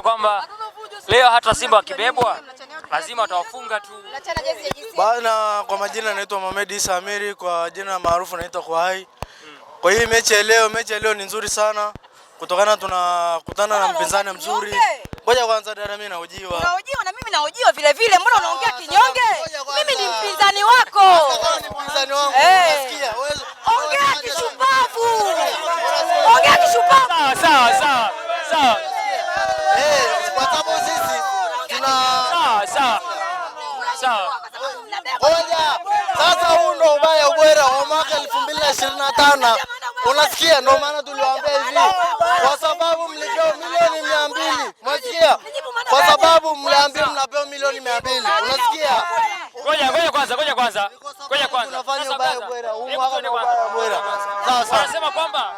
Kwamba leo hata Simba wakibebwa lazima watawafunga tu bana. Kwa majina naitwa Mohamed Isa Amiri, kwa jina maarufu naitwa kwa hai. Kwa hii mechi ya leo, mechi ya leo ni nzuri sana kutokana tunakutana na mpinzani mzuri. Ngoja kwanza dada, mimi naojiwa. naojiwa, na mimi naojiwa vile vile, mbona ah, unaongea kinyonge? Mimi ni mpinzani wako. Ni mpinzani wangu. Eh. Unasikia? Ongea kishupavu. Ongea kishupavu. Sawa sawa. Sawa ngoja sasa. Huu ndo ubaya ubwera wa mwaka elfu mbili na ishirini na tano. Unasikia, ndo maana tuliwaambia hivi, kwa sababu mlipewa milioni mia mbili. mwasikia? kwa sababu mliambia mnapewa milioni mia mbili. Unasikia, ngoja ngoja kwanza, ngoja kwanza, ngoja kwanza, tunafanya ubaya ubwera huu mwaka, ni ubaya ubwera. Sasa nasema kwamba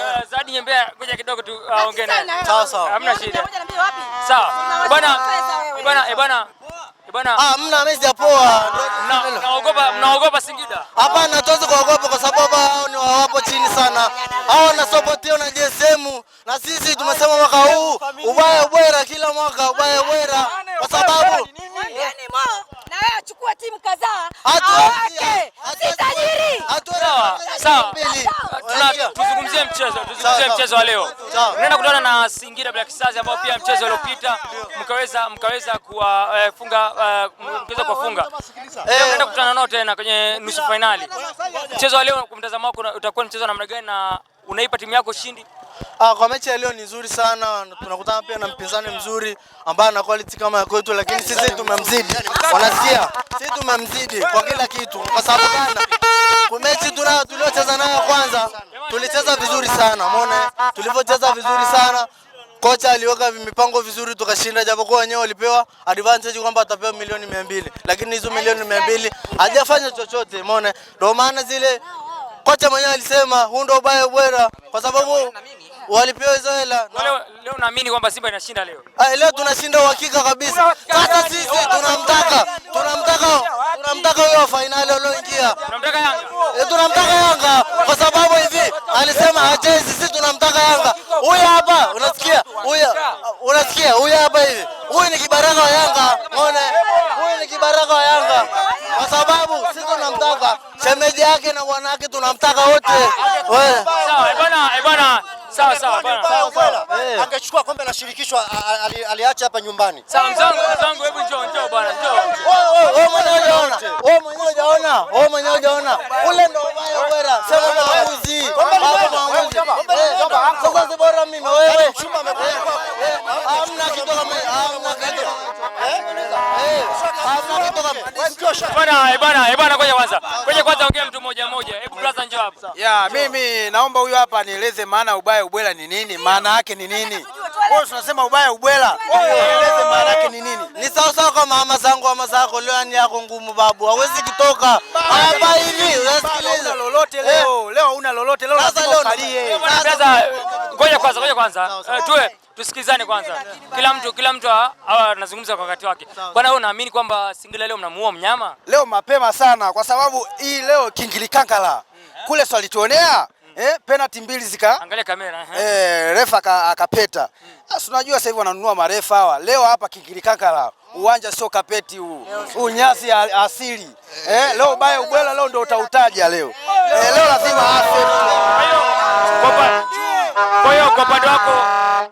eh, Zawadi Nyembea, ngoja kidogo tu aongee naye. Sawa sawa, hamna shida. Sawa bwana, bwana, eh, bwana Eh, ah, mna amezi ya poa. Mnaogopa mnaogopa Singida? Hapana, hatuwezi kuogopa kwa sababu hao ni wawapo chini sana. Hao wanasopotiwa na JSM na sisi tumesema mwaka huu ubaya ubwera kila mwaka ubaya ubwera kwa sababu yaani na wewe achukua timu kadhaa. Hatuwezi. Hatuwezi. Sawa tuzungumzie mchezo, tuzungumzie mchezo wa leo. Unaenda kutana na Singida Black Stars ambao pia mchezo uliopita mkaweza mkaweza kuwafunga eh, eh, mkaweza kuwafunga. Eh. Leo unaenda kukutana nao tena kwenye nusu finali. Mchezo wa leo kwa mtazamo wako utakuwa mchezo namna gani na unaipa timu yako ushindi? Ah, kwa mechi ya leo ni nzuri sana. Tunakutana pia na mpinzani mzuri ambaye ana quality kama ya kwetu, lakini sisi tumemzidi. Wanasikia? Sisi tumemzidi kwa kila kitu kwa sababu gani? Kwa mechi tunayo tuliocheza nayo kwa Tulicheza vizuri sana muone, tulivyocheza vizuri sana kocha aliweka mipango vizuri tukashinda, japokuwa wenyewe walipewa advantage kwamba atapewa milioni mia mbili lakini hizo milioni mia mbili hajafanya chochote muone. Ndio maana zile kocha mwenyewe alisema huu ndio ubaya bwera, kwa sababu walipewa hizo hela. Leo leo naamini kwamba Simba inashinda leo. Ah, leo tunashinda uhakika kabisa. Sasa sisi tunamtaka tunamtaka tunamtaka huyo fainali alioingia, eh, tunamtaka Yanga kwa sababu kama hachezi, sisi tunamtaka Yanga. Huyu hapa unasikia, huyu unasikia, huyu hapa hivi, huyu ni kibaraka wa Yanga. Muone. huyu ni kibaraka wa Yanga kwa sababu sisi tunamtaka shemeji yake na yake tunamtaka wote. Wewe sawa eh, bwana, eh, bwana Sawa sawa bwana. Sawa bwana. Eh. Angechukua kombe la shirikisho aliacha hapa nyumbani. Sawa mzangu, mzangu hebu njoo njoo bwana njoo. Wewe mwenyewe unaona. Wewe mwenyewe unaona. Wewe mwenyewe unaona. Ule ndio ubaya bora. Sema na bora mimi wewe. Yaani Chuma Hamna kitu kama hamna kitu. Eh? Eh? Eh, mimi naomba huyu hapa nieleze maana ubaya ubwela ni nini? Maana yake ni nini? Wewe tunasema ubaya ubwela. Nieleze maana yake ni nini? Ni sawa sawa kwa mama zangu mama zako leo ni yaani yako ngumu babu. Hawezi kutoka. Hapa hivi, unasikiliza lolote leo. Leo una lolote leo tuangalie Ngoja kwanza, ngoja kwanza, eh, tuwe tusikilizane kwanza, kila mtu kila mtu anazungumza kwa wakati wake. Bwana, wewe unaamini kwamba singila leo mnamuua mnyama leo mapema sana, kwa sababu hii leo kingilikankala eh? kule tuonea. Hmm. Eh, penalti mbili zika. Angalia kamera. Eh, eh refa akapeta. Hmm. Sasa unajua sasa hivi wananunua marefa hawa. Leo hapa kingilikankala uwanja sio kapeti huu. Huu nyasi asili. Eh, leo baya ubwela leo ndio utautaja leo. Eh, leo lazima afe. Kwa hiyo kwa upande wako,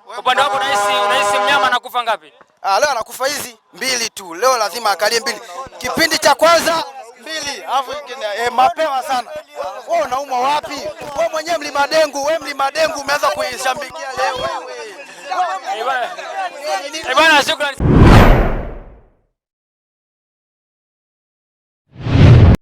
kwa upande wako unahisi unahisi mnyama anakufa ngapi? Ah, leo anakufa hizi mbili tu. Leo lazima akalie mbili. Kipindi cha kwanza mbili, alafu eh, mapema sana. Wewe unaumwa wapi? Wewe mwenyewe mlima dengu, wewe mlima dengu umeanza kuishambikia leo wewe. Eh bwana, eh, shukrani.